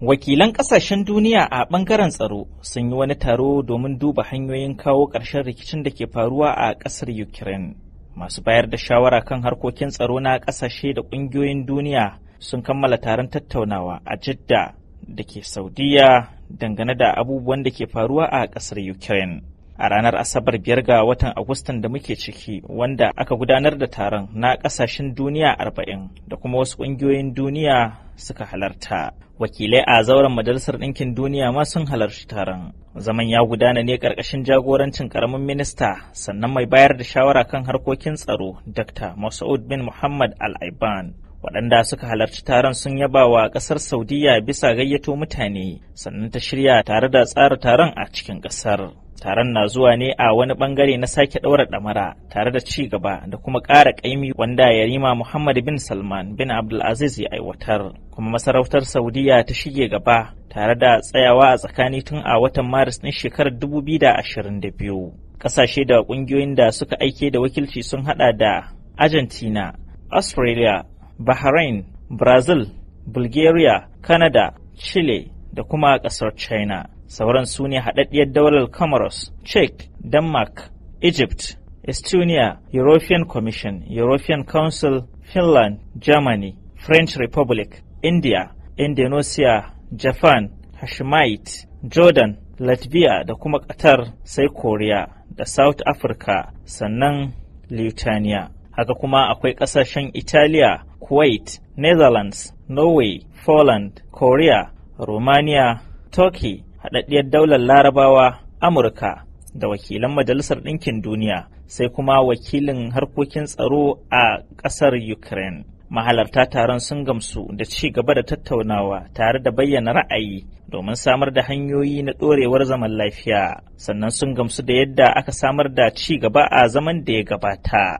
Wakilan ƙasashen duniya a ɓangaren tsaro sun yi wani taro domin duba hanyoyin kawo ƙarshen rikicin da ke faruwa a ƙasar Ukraine. Masu bayar da shawara kan harkokin tsaro na ƙasashe da ƙungiyoyin duniya sun kammala taron tattaunawa a Jidda da ke Saudiya dangane da abubuwan da ke faruwa a ƙasar Ukraine. a ranar asabar biyar ga watan agustan da muke ciki wanda aka gudanar da taron na kasashen duniya arba'in da kuma wasu ƙungiyoyin duniya suka halarta wakilai a zauren majalisar ɗinkin duniya ma sun halarci taron zaman ya gudana ne ƙarƙashin jagorancin ƙaramin minista sannan mai bayar da shawara kan harkokin tsaro dr masoud bin muhammad al-aiban waɗanda suka halarci taron sun yaba wa ƙasar saudiya bisa gayyato mutane sannan ta shirya tare da tsara taron a cikin ƙasar taron na zuwa ne a wani bangare na sake ɗaura ɗamara tare da ci gaba da kuma ƙara ƙaimi wanda yarima muhammad bin salman bin abdulaziz ya aiwatar kuma masarautar saudiya ta shige gaba tare da tsayawa a tsakani tun a watan maris ɗin shekarar 2022 ƙasashe da ƙungiyoyin da suka aike da wakilci sun haɗa da argentina australia bahrain brazil bulgaria canada chile da kuma ƙasar china sauran su ne haɗaɗɗiyar daular comoros czech denmark egypt estonia european commission european council finland germany french republic india indonesia japan hashemite jordan latvia da kuma qatar sai korea da south africa sannan Lithuania. haka kuma akwai ƙasashen italiya Kuwait, Netherlands, Norway, Poland, Korea, Romania, Turkey, haɗaɗɗiyar daular larabawa, Amurka da wakilan Majalisar Ɗinkin Duniya, sai kuma wakilin harkokin tsaro a ƙasar Ukraine. Mahalarta taron sun gamsu da ci gaba da tattaunawa tare da bayyana ra'ayi domin samar da hanyoyi na ɗorewar zaman lafiya, sannan sun gamsu da yadda aka samar da ci gaba a zaman da ya gabata.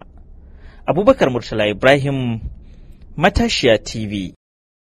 Abubakar Murtala Ibrahim Matashiya TV